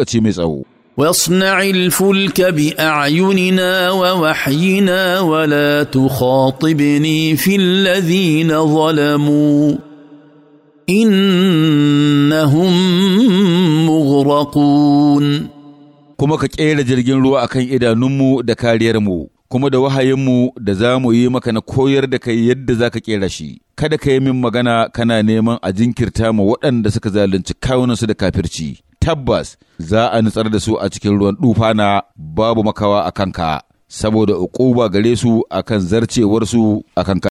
lokaci mai tsawo. واصنع الفلك بأعيننا ووحينا ولا تخاطبني في الذين zalamu innahum مغرقون kuma ka ƙera jirgin ruwa akan idanunmu da kariyarmu kuma da wahayinmu da za mu yi maka na koyar da kai yadda za ka ƙera shi kada ka yi min magana kana neman a jinkirta ma waɗanda suka zalunci kawunansu da kafirci tabbas za a nutsar da su a cikin ruwan dufana babu makawa a kanka saboda uku gare su akan zarcewarsu kanka.